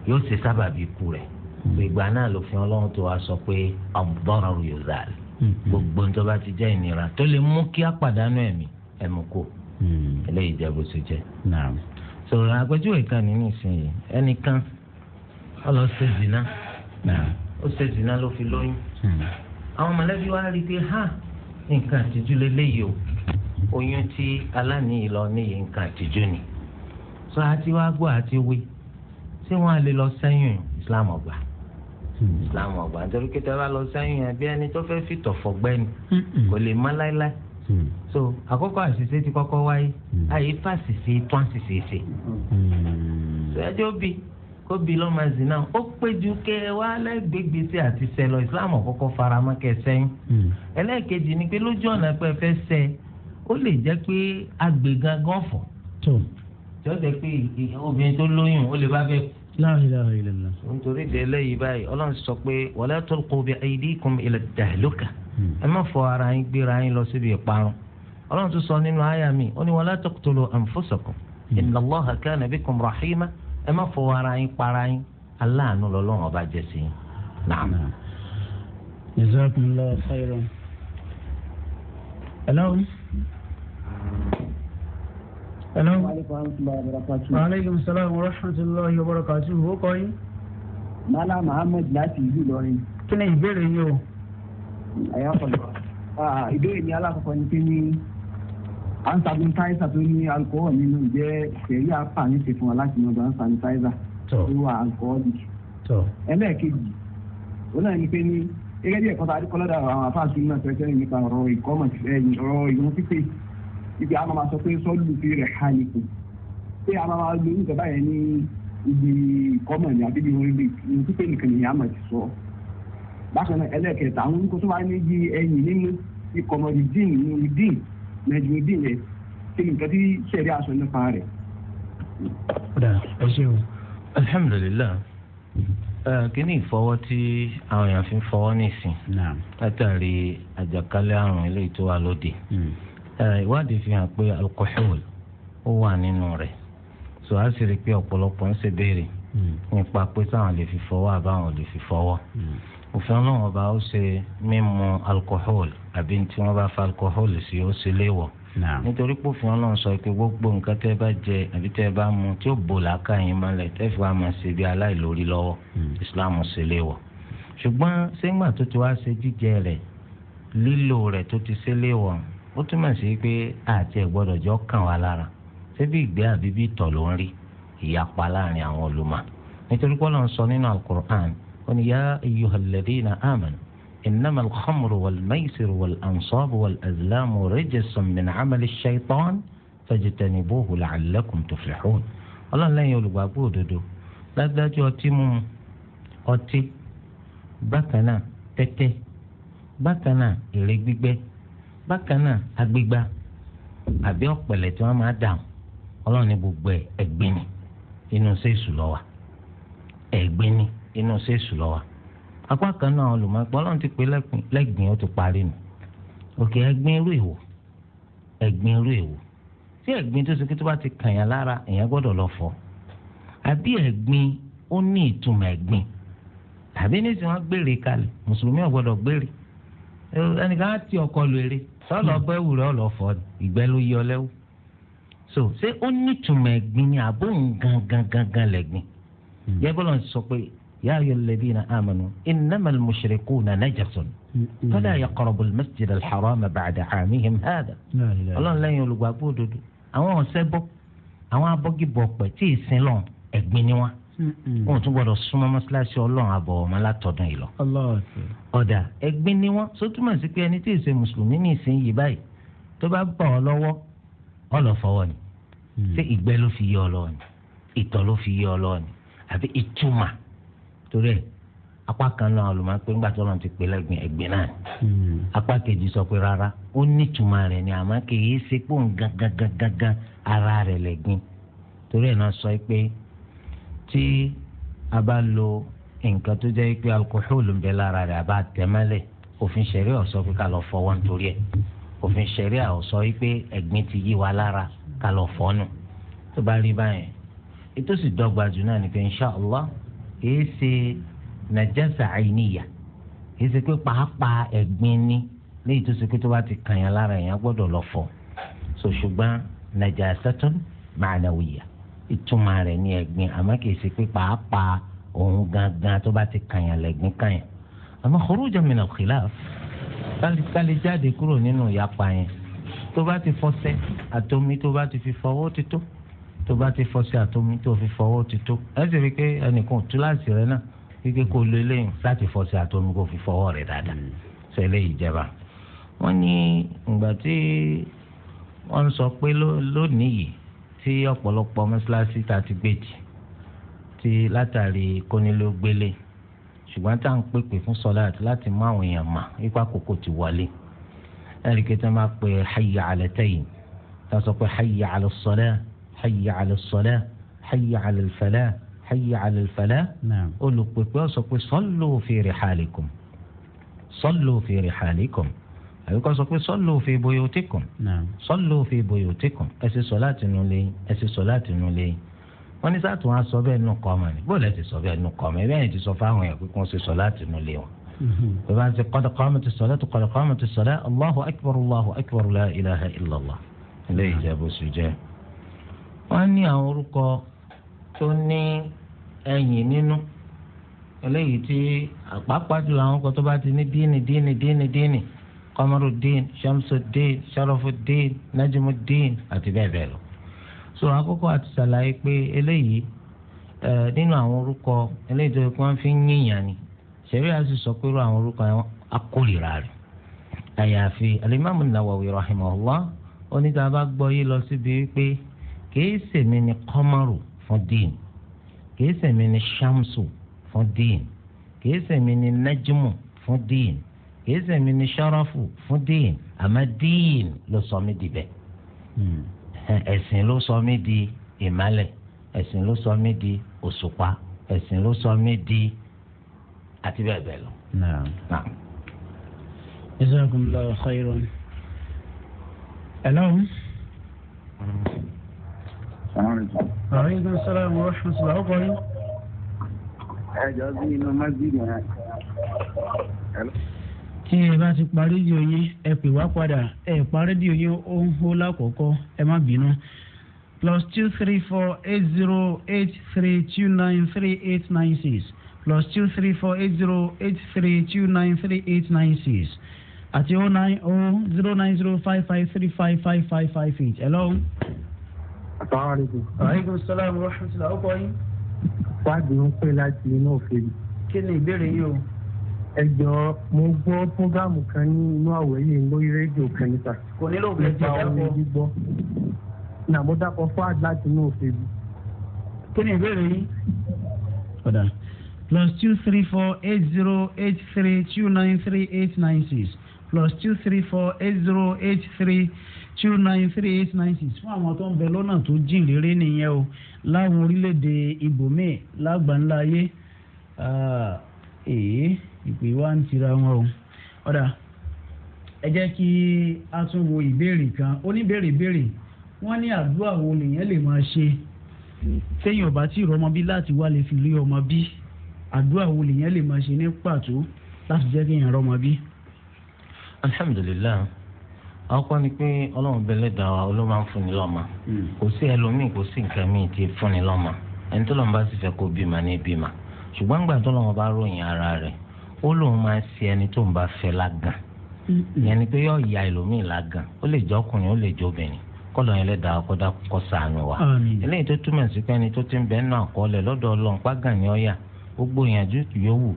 C: yóò ṣe sábàbí ikú rẹ̀ ìgbà náà lòfin ọlọ́run tó wá sọ pé ọ̀bọ̀rọ̀ yóò zà lẹ̀ gbogbo nítorí bá ti jẹ́ ìnira tó lè mú kí á pàdánù ẹ̀mí ẹ̀mú kò eléyìí jẹ́ bó ṣe jẹ́. sọ̀rọ̀ àpèjúwe kan nínú ìsinyìí ẹnìkan ó zina ó ṣe zina ló fi lóyún àwọn mọ̀lẹ́bí wa rí i pé ha nǹkan àtijú lélẹ́yìí o oyún tí aláníyìí lọ níyìí nǹkan àtijú ni sọ àti wá gbọ́ àti wí ṣé wọ́n á lè lọ sẹ́yìn Islam ọgbà Islam ọgbà nítorí pé tẹ́lá lọ sẹ́yìn àbí ẹni tó fẹ́ fìtọ̀ fọ̀gbẹ́ni kò lè má láéláé mm. so àkọ́kọ́ àṣìṣe ti kọ́kọ́ wáyé mm. àyè fàṣìṣe tó àṣìṣe ṣe mm. ṣẹ́jọ́ bíi kóbi lọ́mọ zina ó péjú kẹ wá lẹ́gbẹ̀gbèsè àti sẹlọ ìsìláàmù kọ́kọ́ faramọ́ kẹ sẹ́yìn hmm. ẹlẹ́ẹ̀kejì ni pé lójú ọ̀nà pé ẹ fẹ́ sẹ ó lè jẹ́ pé agbègan gan fọ̀ jọ́jọ́ pé obìnrin tó lóyún ó lè bá fẹ́ nítorí de eléyìí báyìí ọlọ́run sọ pé wala tulqu bi aydikum ila tahluka hmm. ẹ má fọ ara yín gbéra yín lọ síbi ìparun ọlọ́run tún sọ nínú àyà mi ó ní wala taqtulu anfusakum hmm. inna Allaha kana bikum ẹ má fọ ara yín para yín aláàánú lọ́lọ́run ọba jẹ́ sí yín naam.
B: jazakumullahu khairan. hello. hello. wa aleykum salaam wa rahmatulahi wa barakatuhu o kọ́ yín. mala muhammed láti ìlú Ìlọrin. kí ni ìbéèrè yín o. àyà kọlọ ah, ìbéèrè mi alákọ̀ọ́kọ́ ni kí ni à ń sanitizer tó ní alcohol nínú ìjẹ́ ìṣẹ̀rí àpààyàn ṣe fún wa láti mọ̀ bá ń sanitizer tó wà alcoholic. ẹlẹ́ẹ̀kejì ó náà ní pé ní gẹ́gẹ́ bí ẹ̀kọ́ tàbí kọ́lọ́dà àwọn afáàṣù náà tẹ́tẹ́ nípa ọ̀rọ̀ ìkọ́mọ̀ ọ̀rọ̀ ìrún pípé ibi àwọn máa sọ pé sọ́ọ̀lù fi rẹ̀ ha ni kù pé àwọn máa lo oúnjẹ báyẹn ní ibi ìkọ́mọ̀ ní àbí ibi ìrún pípé nìkan ni àmọ̀ ti sọ. bákan náà ẹlẹ́ẹ̀kẹta àwọn oníkó tó wá ní bí ẹyìn nínú ikọ̀mọ̀ ìdín nínú ìdín Najmudeen yẹn kí ni nǹkan tí sẹ́ẹ̀rí aṣọ nípa
C: rẹ̀.
A: ọ̀dà ẹ ṣe o alhamdulilayi
C: kíní ìfọwọ́ tí àwọn èèyàn fi ń fọwọ́ nìsín látàrí àjàkálẹ̀ àrùn eléyìí tó wà lóde hmm. ìwádìí fi hàn pé alcohol ó wà nínú rẹ̀ so a sì rí i pé ọ̀pọ̀lọpọ̀ ń ṣe béèrè hmm. nípa pé táwọn lè fi fọwọ́ àbáwọn lè fi fọwọ́ hmm. òfin ọlọ́run ọba ó ṣe mímu alcohol àbí tí wọ́n bá fa alukóhólì sí ó ṣe léèwọ̀ nítorí pé òfin ọlọ́run sọ pé gbogbo nǹkan tẹ́ bá jẹ àbí tẹ́ bá mu tí ó bò láàkà yín mọ́lẹ̀ tẹ́ fi wá máa ṣe bí aláìlórí lọ́wọ́ hmm. islam ṣe léèwọ̀ ṣùgbọ́n sẹ́gbà tó ti wá ṣe jíjẹ rẹ̀ lílò rẹ̀ tó ti ṣe léèwọ̀ ó túmọ̀ sí pé àti ẹ̀gbọ́dọ̀ jọ kàn wá lára ṣé bí ìgbé àbí bí ìtọ̀ ló ń rí ìyapa láàrin àwọn olùmọ̀ nítorí pé ọlọ́run sọ nínú إنما الخمر والميسر والأنصاب والأزلام رجس من عمل الشيطان فاجتنبوه لعلكم تفلحون ọlọ́run lẹ́yìn olùgbàgbọ́ òdodo dájúdájú ọtí mímu ọtí bákan náà tẹ́tẹ́ bákan náà èrè gbígbẹ́ bákan náà agbégbá àbí ọ̀pẹ̀lẹ̀ tí wọ́n máa dàrún ọlọ́run ní gbogbo ẹ̀ ẹ̀gbin ni inú sẹ́ẹ̀sù lọ́wọ́ ẹ̀gbin ni inú sẹ́ẹ̀sù lọ́wọ́ apá kan náà olùmọ̀pọ̀ ọlọ́run ti pé lẹ́gbìn ó ti parí nù òkè ẹgbin irú èwo ẹgbin irú èwo tí ẹgbin tó ṣe kí tó bá ti kàn yàn lára èèyàn gbọ́dọ̀ lọ fọ̀ àbí ẹgbin ó ní ìtumọ̀ ẹgbin tàbí nísìnyí wọn gbèrè kalẹ̀ mùsùlùmí ò gbọ́dọ̀ gbèrè ẹnìkan á ti ọkọ lu eré sọlọ bẹ wùrẹ ọlọfọ ìgbẹ́ ló yọ lẹ́wù so ṣé ó ní ìtumọ̀ ẹ̀gbin ni àbó ń gan gan gan gan lẹ̀gbin yẹ bọ́lá ń sọ pé يا أيها الذين آمنوا إنما المشركون نجس فلا يقربوا المسجد الحرام بعد عامهم هذا الله لا يلقوا دودو àwọn ọ̀sẹ́bọ̀ àwọn abọ́gibọ̀ بوك بتي ìsìn lọ ẹ̀gbin ni wọn. wọn ò tún gbọdọ̀ súnmọ́ mọ́ṣáláṣí ọlọ́run àbọ̀wọ̀ mọ́ látọ̀dún yìí lọ. ọ̀dà ẹ̀gbin ni wọn sótúmọ̀ sí pé ẹni tí ìsìn mùsùlùmí ní ìsìn yìí báyìí tó bá bọ̀ ọ́ lọ́wọ́ ọ ni ṣé ìgbẹ́ ló fi yé ọ lọ́wọ́ ni ìtọ̀ ló fi yé ọ lọ́wọ́ ni àbí ìtumà torí ẹ̀ apá kan náà olùmọ̀ pé ńgbà tí Ọlọ́run ti pè lẹ́gbìn ẹ̀gbìn náà hmm. apá kejì sọ pé rárá ó nítumọ̀ rẹ̀ ni àmọ́ kì í ṣe pé òun gangan gangan gan ara rẹ̀ lẹ́gbìn torí ẹ̀ náà sọ pé tí a bá lo nǹkan tó jẹ́ pé alukóhólù ń bẹ lára rẹ̀ a bá tẹ̀ mọ́lẹ̀ òfin ṣẹ̀rí ọ̀sọ́ pé ká lọ fọwọ́ nítorí ẹ̀ òfin ṣẹ̀rí ọ̀sọ́ pé ẹ̀gbìn ti yí wa lára ká lọ fọ́ nù tó bá rí báyẹn ètò sì dọ́gba jù náà ní pé inṣàlá kìí ṣe nàjẹsà àìníyà kìí ṣe pé pàápàá ẹ̀gbin ni léyìí tó ṣe pé tó bá ti kàn yàn lára yẹn gbọ́dọ̀ lọ fọ̀ so ṣùgbọ́n najasatun ma'nawiyya ìtumọ̀ rẹ̀ ní ẹ̀gbin àmọ́ kìí ṣe pé pàápàá òun gangan tó bá ti kàn yàn lẹ́gbin kàn yàn àmọ́ khurujan min al-khilaf kálí jáde kúrò nínú ìyapa yẹn tó bá ti fọṣẹ àtomi tó bá ti fi fọwọ́ ti tó tó bá ti fọṣẹ àtomi tó fi fọwọ́ ti tó ẹ sì rí i pé ẹnìkan tú láti rẹ náà wípé kó lo eléyìí láti fọṣẹ àtomi kó fi fọwọ́ rẹ dáadáa sọ mm. eléyìí jẹba. wọ́n ní ìgbà tí wọ́n ń sọ pé lónìí yìí tí ọ̀pọ̀lọpọ̀ mọ́ṣáláṣí ta ti gbé jì ti látàrí kónílógbélé ṣùgbọ́n tá à ń pèpè fún sọláàtì láti mú àwọn èèyàn mà ipa kòkò ti wọlé ẹ̀ríkẹ́ tí máa pè hayya ala tayin tá a sọ pé hayya ala salat حي على الصلاة حي على falah حي على falah olùpèpè ó sọ pé صلوا في رحالكم sallu fi rihalikum àbí kọ́ صلوا في بيوتكم fi buyutikum sọ́lù fi صلاة نولي ṣe sọ́láàtì nù lé ẹ ṣe sọ́láàtì nù lé wọ́n ní sáà tó wá sọ bẹ́ẹ̀ nù kọ́mọ ni bóòlù ẹ̀ ti sọ bẹ́ẹ̀ nù kọ́mọ ẹ bẹ́ẹ̀ ti sọ fáwọn yẹn pé kí wọ́n ṣe sọ́láàtì nù lé wọn. Mm-hmm. bí wọ́n ti qad qamati salatu qad qamati salat Allahu akbar Allahu akbar la ilaha illallah ilé ìjẹ́bù sùjẹ́ wọ́n ní àwọn orúkọ tó ní ẹ̀yìn nínú eléyìí tí àpapàjù àwọn orúkọ tó bá ti ní díìnì díìnì díìnì díìnì Qamaruddin Shamsuddin Sharafuddin Najmuddin àti bẹ́ẹ̀ bẹ́ẹ̀ lọ. so àkókò àti ṣàlàyé pé eléyìí nínú àwọn orúkọ eléyìí tó yẹ kí wọ́n fi ń yíyàn ni ṣẹ̀rí àti sọ pé irú àwọn orúkọ yẹn akórìíra rẹ̀ àyàfi al nawawi rahimahullah oníta bá gbọ́ yé lọ síbi wípé kìí sèmi ni kọ́mọ́rù fún dín kìí sèmi ni ṣàmsù fún dín kìí sèmi ni nájúmù fún dín kìí sèmi ni ṣọ́rọ́fù fún dín àmọ́ dín ló sọ mí di bẹ́ẹ̀ hmm. ẹ̀sìn ló sọ mí di ìmálẹ̀ ẹ̀sìn ló sọ mí di òṣùpá ẹ̀sìn ló sọ mí di àti bẹ́ẹ̀ bẹ́ẹ̀ lọ.
B: Jazakumullahu khairan.
A: Hello
D: aleykum
A: salaam wa rahmatulah ọkọ yín. ẹjọ bí inú masjid yẹn.
B: tí ẹ bá ti parí rédíò yín ẹ pè wá padà ẹ pa rédíò yín ó ń hó lákòókò ẹ má bínú plus two three four eight zero eight three two nine three eight nine six plus two three four eight zero eight three two nine three eight nine six àti oh nine oh zero nine zero five five three five five five five eight hello asalaamualeykum. aleykum salaam wa rahmatulah ọkọ yín. wádìí ń pè láti inú òfin. kí ni ìbéèrè yìí o. ẹ jọ mo gbọ́ fúgàmù kan ní inú àwẹ̀ yìí lórí rédíò kan níta. kò nílò òfin ẹ̀jẹ̀ dákọ̀. nàbó dákọ̀ fáàd láti inú òfin. kí ni ìbéèrè yìí. ọ̀dà plus two three four eight zero eight three two nine three eight nine six plus two three four eight zero eight three two nine three eight nine six fún àwọn tó ń bẹ lọ́nà tó jìn réré nìyẹn o láwọn orílẹ̀-èdè ibòmíì lágbàńlá ayé ah, èyí ìpè wá ń tira wọn o ọ̀dà ẹ jẹ́ kí a tún wo ìbéèrè kan oníbèrè béèrè wọ́n ní àdúrà wo lèèyàn lè máa ṣe téèyàn bá tí ìrọmọ bí láti wá lè fi rí ọmọ bí àdúrà wo lèèyàn lè máa ṣe ní pàtó láti jẹ́ kéèyàn rọmọ bí.
C: alhamdulilayi ọkọ ni pé ọlọ́run bẹ̀lẹ̀ dà wá ló máa ń fúnni lọ́mọ hmm. kò sí ẹlòmíì kò sí nǹkan míì tí fúnni lọ́mọ ẹni tó lọ́n bá sì fẹ́ kó bímọ ní bímọ ṣùgbọ́n nígbà tó lọ́n bá ròyìn ara rẹ̀ ó lóun máa ṣe ẹni tó ń bá fẹ́ lágàn ìyẹn hmm. ni pé yóò ya ẹlòmíì lágàn ó lè jẹ́ ọkùnrin ó lè jẹ́ obìnrin yẹn lẹ́dàá kọ́ eléyìí tó túmọ̀ sí ẹni tó ti ń bẹ́ẹ̀ ni gbogbo ìyànjú yòówù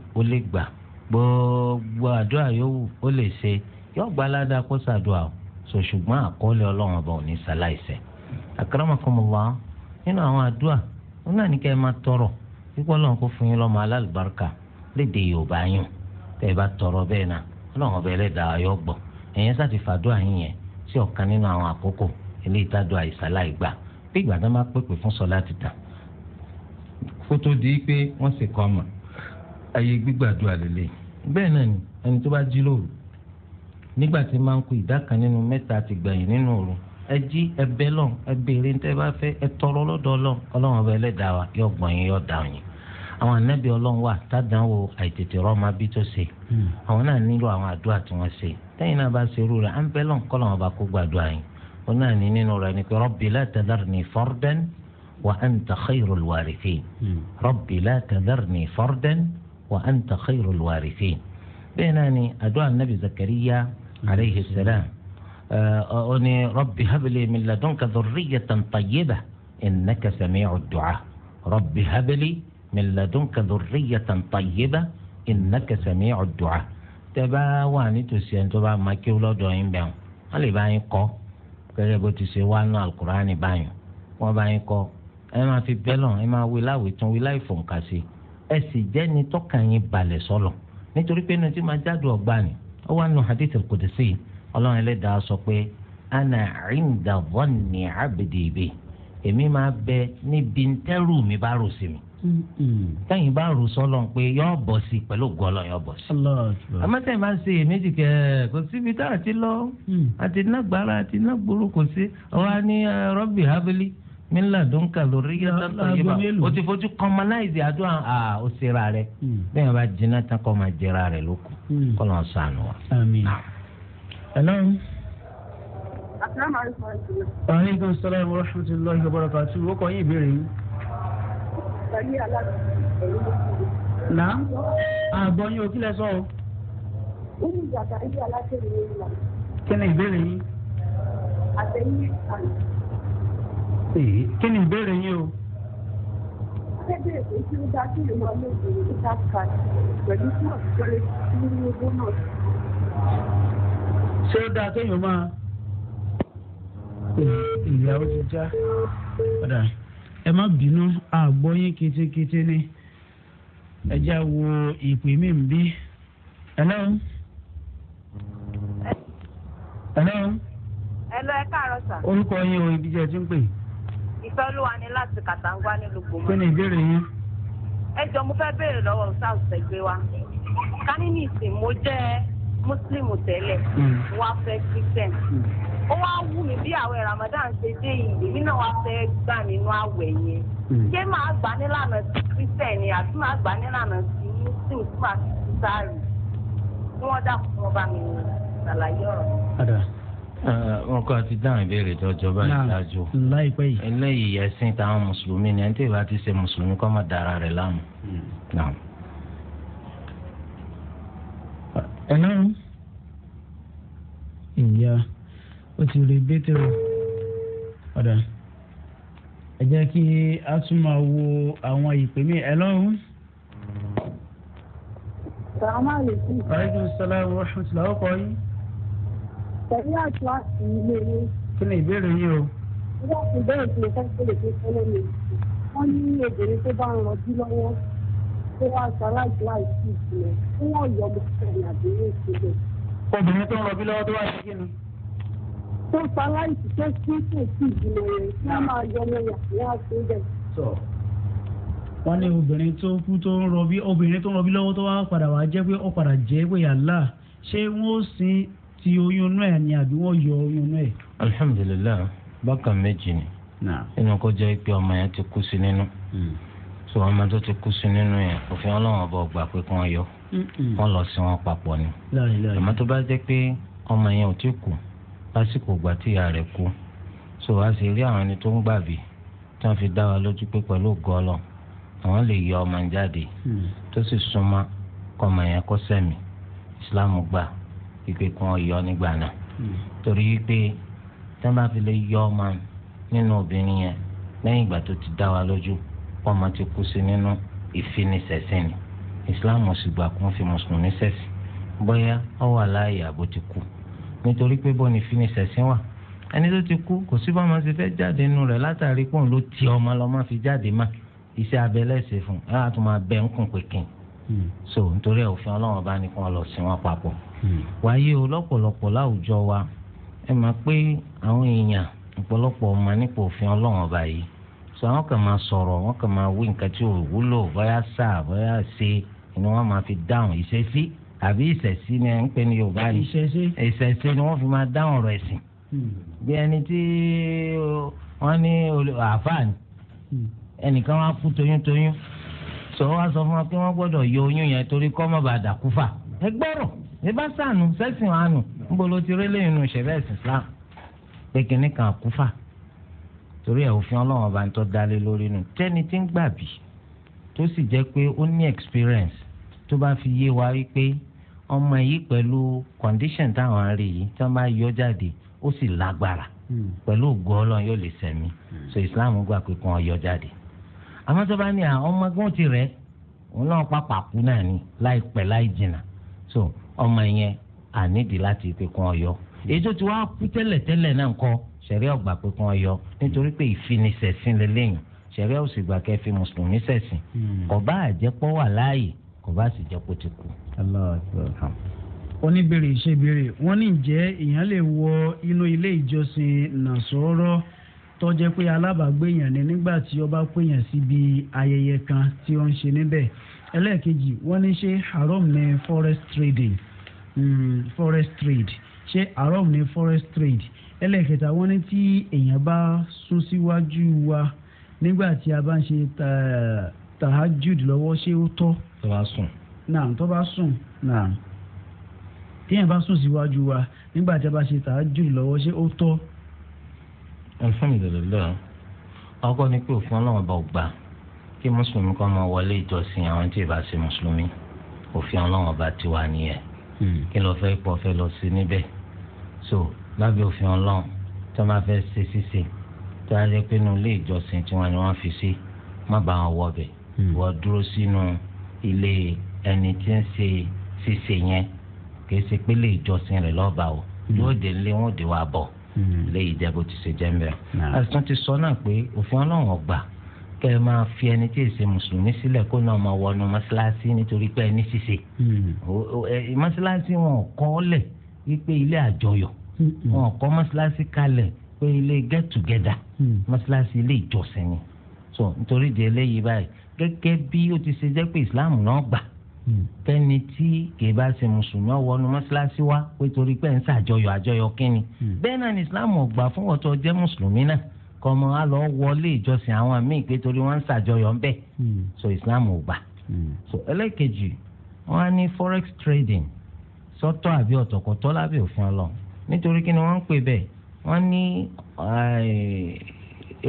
C: yóò gba aládàá kó o sọ ṣùgbọ́n àkọọ́lẹ̀ ọlọ́run ọba ò ní ṣaláìsẹ̀ akramakumullah nínú àwọn àdúrà wọn náà ní kẹ́ ma tọrọ wípé ọlọ́run kó fún yín lọ́mọ alálùbáríkà léde yorùbá yín tọrọ bẹ́ẹ̀ náà ọlọ́run ọba gbọ́ ẹ̀yẹn yín yẹn sí ọ̀kan nínú àwọn àkókò ẹni tó bá jí nígbà tí máa ń kú ìdá kan nínú mẹ́ta ti gbẹ̀yìn nínú òru ẹ jí ẹ bẹ lọ ẹ béèrè ní tẹ́ bá fẹ́ ẹ tọrọ lọ́dọ̀ Ọlọ́run Ọlọ́run ọba Ẹlẹ́dàá wa yóò gbọ́n yín yóò dá yín àwọn anábì Ọlọ́run wà tádánwò àìtètè rọmọ bí tó ṣe hmm. àwọn náà nílò àwọn àdúrà tí wọ́n ṣe tẹ́yìn náà bá ṣe irú rẹ̀ à bẹ lọ kọlọn ọba kó gbàdúrà yín òun náà ní nínú rẹ̀ ni pé Rabbi la tadharni fardan wa anta khayrul warithin hmm. Rabbi la tadharni fardan wa anta khayrul warithin bẹ́ẹ̀ náà ni àdúrà anábì Zakariya aleyhi salam ó ní rabbi habili min ladunka dhurriyatan tayyibah innaka sami'ud du'a rabbi habili min ladunka dhurriyatan tayyibah innaka sami'ud du'a tẹ́ bá wà nítòsí ẹni tó bá máa kí lọ́dọ̀ yín bẹ́ẹ̀ wọ́n lè bá yín kọ́ gẹ́gẹ́ bó ti ṣe wá nù alukurani báyìí wọ́n bá yín kọ́ ẹ máa fi bẹ́lọ̀ ẹ máa wí láwìí tún wí láì fòǹkà sí ẹ sì jẹ́ni tọ́ka yín balẹ̀ sọ́lọ̀ nítorí pé inú tí máa jáde ọ̀gbà ni ó wà nínú hadith al-Qudsi ọlọ́run ẹlẹ́dàá sọ pé ana inda dhanni abdi bi èmi máa bẹ níbi ntẹ́rù mi bá rò sí mi tẹ́yìn bá rò sọ́lọ́ pé yọ bọ̀ sí pẹ̀lú gọ́lọ́ yọ bọ̀ sí. àmọ́tẹ́yìn máa ń ṣe èméjì kẹ́ ẹ̀ kò síbi tá a ti lọ àti mm. nágbára àti nágboro kò sí ọ̀wá rọ́bì hábílì mílíọ̀nù dúnkà lórí yàtọ̀ yìí o ti fojú kọmọláìsì àdúrà à ó sera rẹ hmm. bẹ́ẹ̀ bá jiná tán kọ́ máa jẹra rẹ lóko hmm. kọ́ lọ́n sànù wa. hello. aleykum salaam wa rahmatulahi wa barakatu
B: o kò yín ìbéèrè yín. na àgbọ̀ yín o kí lẹ sọ o.
A: ó ní ìjàkadì aláṣẹ ìròyìn náà. kí ni ìbéèrè yín.
B: àtẹ̀yìn àná
A: pè é kí ni ìbéèrè yín o. akẹ́bẹ̀rẹ̀ tí ó bá kí ló máa lò ní ìta kan
D: pẹ̀lú tí wọ́n ti jọlé nínú ogún náà.
A: ṣé ó dáa
B: kéèyàn máa ìyàwó ti já padà ẹ má bínú àgbọ́yín ketekete ni ẹ já wo ìpè mí ń bí. hello. hello.
A: hello ẹ káàárọ̀ orúkọ yín
B: o ibi jẹ́ ẹ ti ń pè é.
A: ìfẹ́ olúwa
C: ni láti kàtàǹgbá nílùú kí ni ìbéèrè yín. ẹ jọ mo fẹ́ wa ní mo jẹ́ muslim tẹ́lẹ̀ hmm. wá fẹ́ christian hmm. ó wá wù mi bí àwọn ramadan ṣe dé yìí mi náà wá fẹ́ gbà nínú yẹn hmm. ṣé gbà nílànà sí christian ni àti gbà nílànà sí muslim sáré kí ọba mi ṣàlàyé wọn kọ́ ti dáhùn ìbéèrè jọjọ báyìí ṣáájú láìpẹ́ yìí eléyìí ẹ̀sìn táwọn mùsùlùmí ni ẹni tí ìbá ti ṣe mùsùlùmí kọ́ mọ̀ dára rẹ̀ láàmú. ẹ̀nà hmm.
B: ìyá ó ti rí bẹ́tẹ̀rù padà ẹ jẹ́ kí a tún máa wo àwọn ìpè mí ẹ lọ́rùn. sàmúlò. aleykum salaam wa rahmatulah ọkọ yìí.
A: pẹ̀lú àṣọ àti ilé yẹn.
B: kí ni ìbéèrè yín o.
A: ìgbà tó tí mo lè fi ní obìnrin tó bá ń rọjú lọ́wọ́ tó wá tí wọ́n yọ ọmọ obìnrin tó ń wá sí kò sí rẹ̀ kí wọ́n máa yọ ọmọ
B: wọ́n ní obìnrin tó kú tó ń rọbí obìnrin tó ń rọbí lọ́wọ́ tó wá padà wá jẹ́ pé ó ti oyún náà ẹ̀ ni
C: àbí wọ́n yọ oyún náà ẹ̀. alhamdulilayi bákan méjì ni inú kó jẹ́ pé ọmọ yẹn ti kú sí nínú hmm. so ọmọ tó ti kú sí nínú yẹn òfin ọlọ́run ọba ọgbà pé kí wọ́n
D: yọ hmm.
C: wọ́n lọ sí wọn papọ̀ ni àmọ́ tó bá jẹ́ pé ọmọ yẹn ò tí kú lásìkò ìgbà tí ìyá rẹ̀ kú so a sì rí àwọn ẹni tó ń gbàbí tí wọ́n fi dá wa lójú pé pẹ̀lú gọ́ọ̀lọ̀ àwọn lè yọ ọmọ jáde hmm. tó sì súnmọ́ kọ́mọ yẹn kó sẹ́mi islam gbà ìpè kan yọ nígbà náà hmm. torí pé tá bá fi lè yọ ọmọ nínú obìnrin yẹn lẹ́yìn ìgbà tó ti dá wa lójú ọmọ ti kú sí nínú ìfinisẹ̀sìn ni islam sì gbà kún fi mùsùlùmí sẹ̀sìn bóyá ó wà láàyè àbó ti kú nítorí pé bọ́ọ̀nì ìfinisẹ̀sìn wà ẹni tó ti kú kò sí bá ọmọ ṣe fẹ́ jáde nínú rẹ̀ látàrí pọ́n ló ti ọmọ lọ́mọ fi jáde má iṣẹ́ abẹ lẹ́sẹ̀ fún ẹ̀ á tún máa bẹ́ ń kún pé kín hmm. so nítorí òfin ọlọ́run bá ní kí wọ́n lọ sí wọn papọ̀ wáyé o lọ́pọ̀lọpọ̀ láwùjọ wa ẹ máa pé àwọn èèyàn ọ̀pọ̀lọpọ̀ ọmọ nípa òfin ọlọ́run ọba yìí sọ àwọn kan máa sọ̀rọ̀ wọ́n kan máa wí nǹkan tí ò wúlò bóyá sáà bóyá ṣe ni wọ́n máa fi dáhùn ìṣesí àbí ìṣẹ̀sí ni ẹ̀ ń pè ní yorùbá ni ìṣẹ̀sí ni wọ́n fi máa dáhùn ọ̀rọ̀ ẹ̀sìn bí ẹni tí wọ́n ní àáfàá ni ẹnìkan wá kú toyúntoyún sọ wá sọ fún wa pé wọ́n gbọ́dọ̀ yọ oyún yẹn torí kọ́ mọ́ bàa dàkúfà ẹ gbọ́rọ̀ ní bá sànù sẹ́sìn àánú níbo ló ti rí lẹ́yìn inú ìṣẹ̀lẹ̀ ẹ̀sìn Islam pé kínní kan kúfà torí ẹ̀ òfin ọlọ́run ọba tó dalé lórí nu tẹ́ni tí ń gbàbí tó sì jẹ́ pé ó ní experience tó bá fi yé wa wípé ọmọ yìí pẹ̀lú condition táwọn rí yìí tí wọ́n bá yọ jáde ó sì lágbára hmm. pẹ̀lú ògo ọlọ́run yóò lè sẹ̀mí hmm. so Islam gbà pé kàn yọ jáde àmọ́ tó bá ní àwọn ọmọ ẹgbẹ́ ti rẹ̀ òun náà pàpà kú náà ní láìpẹ́ láì jìnnà so ọmọ yẹn ànídìí láti pé kàn yọ èyí tó ti wá kú tẹ́lẹ̀tẹ́lẹ̀ náà kọ́ sẹ̀rí ọ̀gbà pé kàn yọ nítorí pé ìfinisẹ̀sìn lélẹ́yìn sẹ̀rí ọ̀sìgbà kẹfì mùsùlùmí sẹ̀sìn hmm. kò bá àjẹpọ̀ wà láàyè kò bá sì jẹ́ kó ti kú. oníbèrè ìṣèbèrè wọ́n ní ǹjẹ́ èèyàn lè
B: wọ inú ilé ìjọsìn nàṣọ́rọ́ tó jẹ́ pé alábàágbé èèyàn ni nígbà tí ó bá péyàn síbi ayẹyẹ kan tí ó ń ṣe níbẹ̀ ẹlẹ́ẹ̀kejì wọ́n ní ṣe haram ní forest trading Hmm, forest trade ṣé haram ni forest trade ẹlẹ́ẹ̀kẹta wọ́n ní tí èèyàn bá sún síwájú wa nígbà tí a bá ń ṣe tahajud lọ́wọ́ ṣé ó tọ́. tó bá sùn. náà tó bá sùn náà téèyàn bá sùn síwájú wa nígbà tí a bá ṣe
C: tahajud lọ́wọ́ ṣé ó tọ́. alhamdulilayi ọkọ ni pé òfin ọlọ́run bá gbà kí mùsùlùmí kan máa wọlé ìjọsìn àwọn tí ì bá ṣe mùsùlùmí òfin ọlọ́run bá ti wà nìyẹn. Hmm. kí lọ fẹ́ pọ̀ fẹ́ lọ sí níbẹ̀ so lábẹ́ òfin ọlọ́run tí wọ́n bá fẹ́ ṣe ṣíṣe tí wọ́n á jẹ́ pé inú ilé ìjọsìn tí wọ́n ni wọ́n fi sí má bá wọn wọ bẹ̀ hmm. wọ́n dúró sínú ilé ẹni tí ń ṣe ṣíṣe yẹn kì í ṣe pé ilé ìjọsìn rẹ̀ lọ́ọ́ bá wọ yóò dé ilé wọn ò dé wa bọ̀ hmm. ilé ìjẹ́bù ti ṣe jẹ́ mẹ́rin. àti tún ti sọ náà pé òfin ọlọ́run ọgbà kẹ ẹ máa fi ẹni tí èsè mùsùlùmí sílẹ̀ kó náà máa wọnú mọ́ṣáláṣí nítorí pé ẹni ṣiṣe hmm. mọ́ṣáláṣí wọn kọ́ lẹ̀ wípé ilé àjọyọ̀ hmm, hmm. wọn kọ́ mọ́ṣáláṣí kalẹ̀ pé ilé get together mọ́ṣáláṣí ilé ìjọsìn ni so nítorí di eléyìí báyìí gẹ́gẹ́ bí ó ti ṣe jẹ́ pé islam náà gbà kẹ́ni tí kì í bá ṣe mùsùlùmí ọ̀wọ́nu mọ́ṣáláṣí wa pé torí pé ń ṣàjọyọ̀ àjọyọ̀ kínni bẹ́ẹ̀ náà ni islam ò gbà fún ọ̀tọ̀ jẹ́ mùsùlùmí náà kọ́ ọmọ á lọ wọlé ìjọsìn àwọn míì pé torí wọ́n ń ṣàjọyọ̀ ń bẹ̀ hmm. so islam ò gbà. Hmm. so ẹlẹ́kejì wọ́n á ní forex trading sọ́tọ̀ àbí ọ̀tọ̀kọ̀tọ̀ lábẹ́ òfin ọlọ́run nítorí kí ni wọ́n ń pè bẹ́ẹ̀ wọ́n ní eh,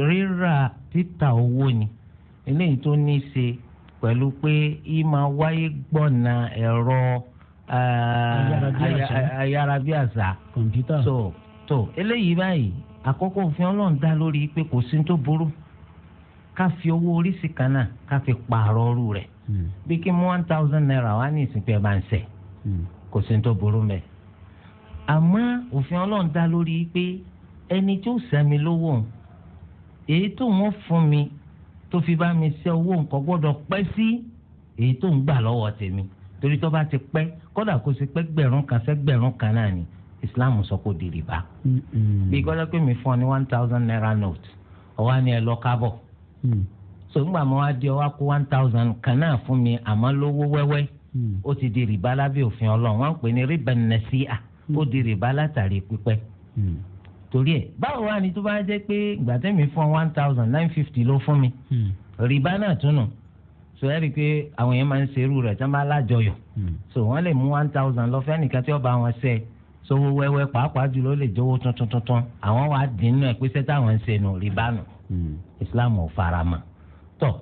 C: rírà títà owó ni eléyìí tó ní í ṣe pẹ̀lú pé í máa wáyé gbọ̀nà ẹ̀rọ eh, ayárabíàṣá so tó eléyìí báyìí àkọ́kọ́ òfin ọlọ́run dá lórí pé kò sí tó burú ká fi owó oríṣi kan náà ká fi pààrọ̀ ọrú rẹ̀ hmm. bí kí mú one thousand naira wá ní ìsìnkú ẹ̀ bá ń sẹ̀ hmm. kò sí tó burú mẹ́. àmọ́ òfin ọlọ́run dá lórí pé ẹni tó sẹ́mi lówó èyí tó wọ́n fún mi tó fi bá mi ṣe owó nǹkan gbọ́dọ̀ pẹ́ sí èyí tó ń gbà lọ́wọ́ tèmi torí tó bá ti pẹ́ kódà kó sì pẹ́ gbẹ̀rún kan sẹ́gbẹ̀rún kan náà ni islam sọ kó di rìbá. bí gbọ́dọ̀ pé mi fún ọ ní one thousand naira note ọwọ́ ni ẹ lọ kábọ̀. Mm. so ńgbà mo wá di ọwọ́ kó one thousand kan náà fún mi àmọ́ lówó wẹ́wẹ́ mm. ó ti di rìbá lábẹ́ òfin ọlọ́run wọ́n ń pè ní rìbá nẹ́síà ó di rìbá látàrí pípẹ́. Mm. torí ẹ báwo wá ni tó bá jẹ́ pé ìgbà tẹ́mi fún ọ one thousand nine fifty ló fún mi rìbá náà tún nù so ẹ rí i pé àwọn yẹn máa ń ṣerú rẹ̀ tí wọ́n bá lájọyọ̀ so wọ́n lè mú one thousand lọ fẹ́ nìkan tí wọ́n bá wọn ṣe é sówó wẹ́wẹ́ pàápàá jùlọ lè jówó tuntun tuntun àwọn wàá dín nínú ẹ̀ pé sẹ́tà àwọn ń ṣe nù rí bánu hmm. islam ò fara mọ́ tọ́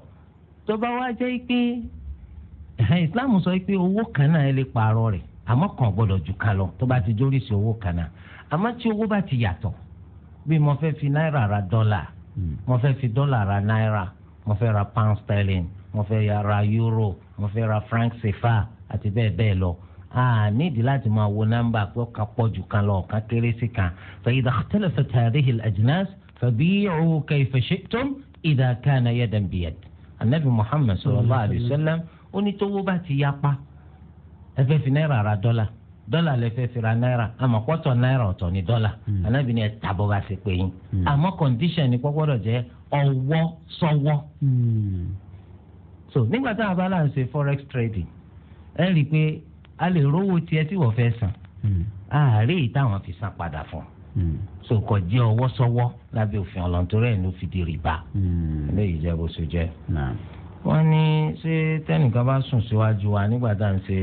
C: tó bá wá jẹ́ pé islam sọ pé owó kan náà ẹ lè pààrọ̀ rẹ̀ àmọ́ kàn gbọ́dọ̀ jù kan lọ tó bá ti jóríṣi owó kan náà àmọ́ tí owó bá ti yàtọ̀ bí mo fẹ́ fi náírà ra dọ́là hmm. mo fẹ́ fi dọ́là ra náírà mo fẹ́ ra pound sterling mo fẹ́ ra euro mo fẹ́ ra franc sefa àti bẹ́ẹ̀ bẹ́ẹ̀ lọ a nídìí láti máa wo nọ́mbà pé ọ̀ka pọ̀ jù kan lọ ọ̀ka kéré sí kan fa idha ikhtalafat hadhihi al-ajnas fabi'u kayfa shi'tum idha kana yadan biyad anabi muhammad sallallahu alayhi wa sallam ó ní tówó bá ti yapa ẹ fẹ́ fi náírà ra dọ́là dọ́là lè fẹ́ fira náírà àmọ́ pọ́tọ̀ náírà ọ̀tọ̀ ni dọ́là anábì hmm. ni ẹ tàbọ̀ bá ṣe hmm. pé yín àmọ́ kọ́ndíṣàn ni gbọ́gbọ́dọ̀ jẹ́ ọwọ́ sọ́wọ́.
D: Hmm.
C: so nígbà tá a bá là ń ṣe forex trading ẹ rí i pé a lè rówó tiẹ̀ tí wọ́n fẹ́ san àárẹ̀ hmm. yìí táwọn fi san padà fún hmm. so kò jẹ́ ọwọ́ sọ́wọ́ lábẹ́ òfin ọlọ́ntorí ẹ̀ ló fi di rìbá hmm. eléyìí jẹ́ bó so jẹ́ wọ́n ní ṣé tẹ́nìkan bá sùn síwájú wa nígbà tá à ń ṣe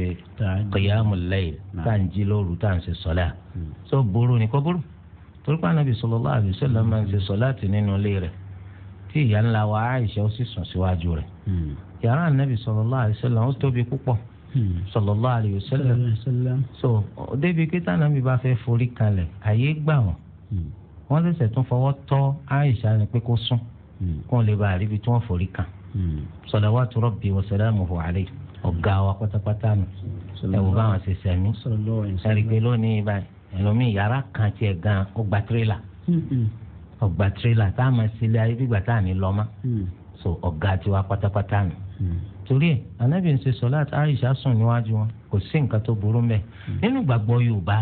C: qiyamul layl tá à ń jí lóru tá à ń ṣe sọ́lá so burú ni kò burú torí pé anabi sallallahu alaihi wasallam máa ń ṣe sọ́láàtì nínú ilé rẹ̀ tí ìyá ńlá wa Aisha ó sì sùn síwájú rẹ̀ yàrá anabi sallallahu alaihi wasallam ó tóbi púpọ̀ Hmm. sallallahu alayhi wa sallam so débi kí tànà mi bá fẹ́ forí kalẹ̀ àyè gbà wọ́n hmm. wọ́n ṣẹ̀ṣẹ̀ tún fọwọ́ tọ́ àìsà ni pé kó sùn hmm. kó lè bá àríbi tí wọ́n forí kan salawatu rabbi wa salamuhu alayhi ọ̀gá wa pátápátá nù ẹ̀wù báwọn ṣe sẹ̀mí ẹ̀rìgbẹ́ lónìí báyìí ẹlòmíì yàrá kan tiẹ̀ gan ọgbà tirẹ̀là ọgbà tirẹ̀là tá a máa ṣe ilé ayé bí gbà tá a ní lọ́mọ so ọ̀gá tiwa pátápátá nù torí ẹ anabi ń ṣe sọlá Aisha sùn níwájú wọn kò sí nǹkan tó burú mẹ hmm. nínú ìgbàgbọ́ Yorùbá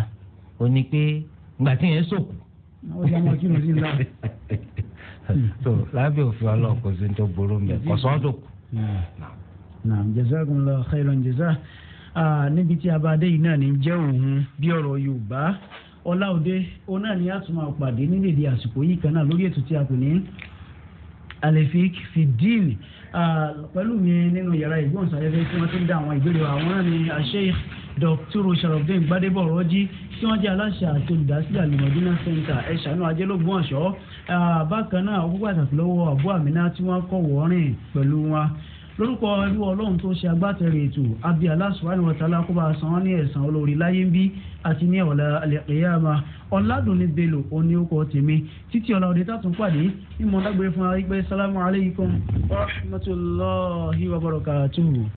C: ó ní pé ìgbà tí yẹn sòkù. Hmm. so lábẹ́ òfin ọlọ́run kò sí tó burú
D: mẹ kò sọ́dọ̀ kù.
B: jaza níbi tí abadé yìí náà ní jẹ́ òun bí ọ̀rọ̀ Yorùbá ọláòdé òun náà ni a tún máa pàdé nílẹ̀ èdè àsìkò yìí kan náà lórí ètò tí a kò ní alẹ́ fi fi díìnì pẹ̀lú mi nínú yàrá ìgbóhùnsáfẹ́fẹ́ tí wọ́n ti ń dá àwọn ìbéèrè àwọn ní Sheikh Dr. Sharafdin Gbadebo Ọ̀rọ̀jí tí wọ́n jẹ́ aláṣẹ àti olùdásílẹ̀ alimọ̀dúnà center ẹ̀ṣánú ajẹ́lógún ọ̀ṣọ́ bákan náà ọkọ̀ pàtàkì lọ́wọ́ àbú àmínà tí wọ́n kọ̀ wọ́ọ́rìn pẹ̀lú wọn lórúkọ ẹlú ọlọ́run tó ṣe agbátẹrù ètò abi Allah subhanahu wa ta'ala kó bá san án ní ẹ̀san olórí láyé ń bí àti ní ọ̀la al ọ̀làdùnní bello òní orúkọ tèmi títí ọ̀la òde tàtún pàdé ìmọ̀ dágbére fún wa wípé sálámù alaykum wa rahmatulahi wa barakatu.